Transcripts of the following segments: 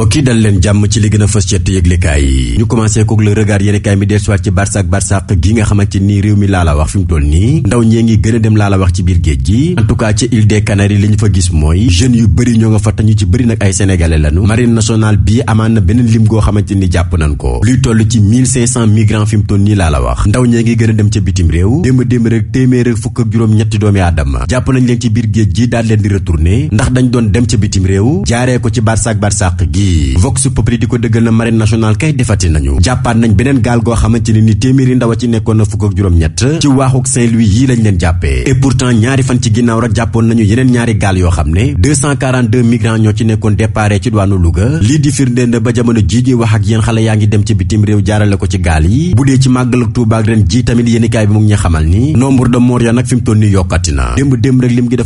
mbokk yi dal leen jàmm ci li gën a fës yëglekaay yi ñu commencé kook le regard yéenekaay mi dellusiwaat ci barça ak gi nga xamante ni réew mi laa la wax fi mu toll nii ndaw ñee ngi gën a dem laa la ci biir géej gi en tout cas ci île des bëri ñoo nga fa te bëri nag ay sénégalais lañu marine nationale bii na beneen lim goo xamante ni jàpp nañ ko luy toll ci 1500 migrants fi mu toll nii laa la wax ndaw ñee ngi gën a dem ca bitim réew démb démb rek téeméer ak fukk ak juróom ñetti doomi aadama jàpp nañ leen ci biir géej gi daal leen di retourner ndax dañ doon dem ca bitim réew jaaree ko ci barça ak barsàq gi yi vox populi di ko dëggal na marine nationale kay defati nañu jàppaat nañ beneen gaal goo xamante ni téeméeri ndaw a ci nekkoon na fukk ak juróom-ñett ci waaxuk Saint-Louis yi lañ leen jàppee et pourtant ñaari fan ci ginnaaw rek jàppoon nañu yeneen ñaari gaal yoo xam ne 242 migrants ñoo ci nekkoon déparé ci douane Louga lii di firndeel na ba jamono jii di wax ak yéen xale yaa ngi dem ci bitim réew jaarale ko ci gaal yi bu dee ci màggaluk Tuuba ak ren ji tamit yéenikaay bi mu ngi ñu xamal rek lim gi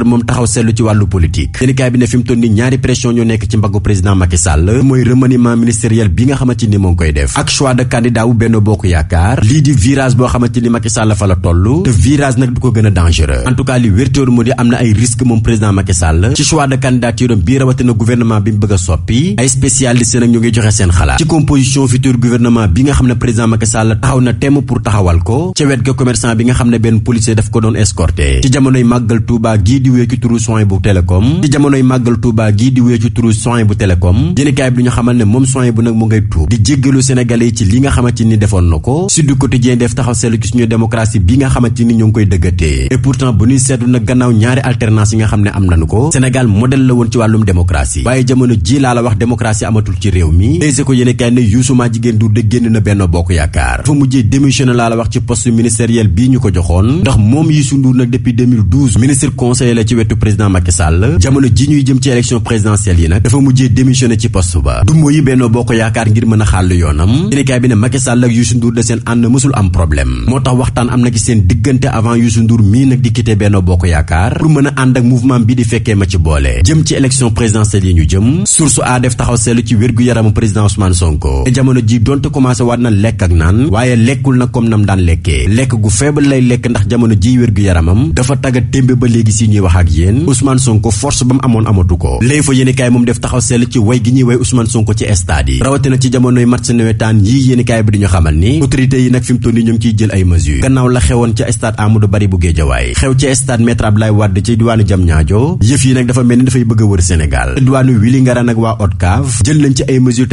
l'observateur moom taxaw seetlu ci wàllu politique yéenekaay bi ne fi toll nii ñaari pression ñoo nekk ci mbaggu président Macky mooy remaniement ministériel bi nga xamante ni moo ngi koy def ak choix de candidat wu Benno Bokk Yaakaar lii di virage boo xamante ni Macky Sall fa la toll te virage nag du ko gën dangereux en li wértéwoor mu di am na ay risque moom président Macky ci choix de candidature am bii rawatina gouvernement bi mu bëgg soppi ay spécialistes di jamonoy màggal Touba gi di wéy soin bu télécom yéenekaay bi du xamal ne moom soin bu nag mu ngay tuub di jéggalu sénégalais yi ci li nga xamante ni defoon na ko Sud Quotidien def taxaw seetlu ci suñu démocratie bi nga xamante ni ñoo ngi koy dëggatee et pourtant bu ñuy seetlu nag gannaaw ñaari alternance yi nga xam ne am nañu ko Sénégal modèle la woon ci wàllum démocratie waaye jamono ji laa la wax démocratie amatul ci réew mi Les ko joxoon la ci wetu président Macky Sall jamono ji ñuy jëm ci élection présidentielle yi nag dafa mujjee démissionné ci poste ba du mooyi Benno Bokk Yaakaar ngir mën a xàll yoonam yéenekaay bi ne Macky Sall ak Youssou Ndour de seen ànd mësul am problème moo tax waxtaan am na ci seen diggante avant Youssou Ndour mii nag di quitté Benno Bokk Yaakaar pour mën a ànd ak mouvement bi di fekkee ma ci boole jëm ci élection présidentielle yi ñu jëm source a def taxaw seetlu ci wér nam daan lekkee lekk gu faible lay lekk ndax jamono ji wér-gu-yaramam ñuy wax ak yéen Ousmane Sonko force ba mu amoon amatu ko léegi fa yéenekaay moom def taxaw ci way gi ñuy way Ousmane Sonko ci stade yi rawatina ci jamonoy match nawetaan yii yéenekaay bi diñu xamal ni autorité yi nag fi mu toll nii ñu jël ay mesures gannaaw la xewoon ca stade Amadou Barry bu Guédiawaye xew ca stade Maître Abdoulaye Wade ci diwaanu Diamniadio yëf yi nag dafa mel ni dafay bëgg wër Sénégal diwaanu Vélingara nag waa ODCAV jël nañ ci ay mesures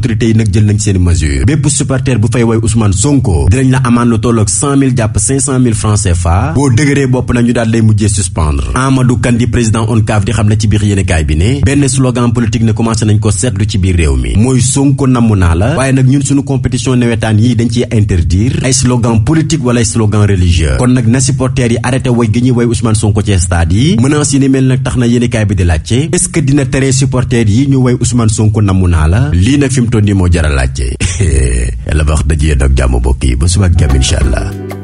te autorités yi nag jël nañ seeni mesure bépp supporter bu fay way Ousmane Sonko dinañ la amaan lu tolloog 100000 jàpp 500000 francs CFA boo dëgëree bopp nag ñu daal lay mujjee suspendre Amadou Kandi président ONCAV di xam ne ci biir yéenekaay bi ne benn slogan politique ne commencé nañ ko seetlu ci biir réew mi mooy Sonko namm naa la waaye nag ñun suñu compétition nawetaan yi dañ ciy interdire ay slogan politique wala ay slogan religieux kon nag na supporter yi arrêté way gi ñuy way Ousmane Sonko ci stade yi menaces yi ni mel nag tax na yéenekaay bi di laajte est-ce que dina tere supporter yi ñu way Ousmane Sonko namm naa la lii nag fi mu toll nii moo jaral laajte yàlla ba wax dajee nag jàmm mbokk yi ba suba ak jàmm incha allah.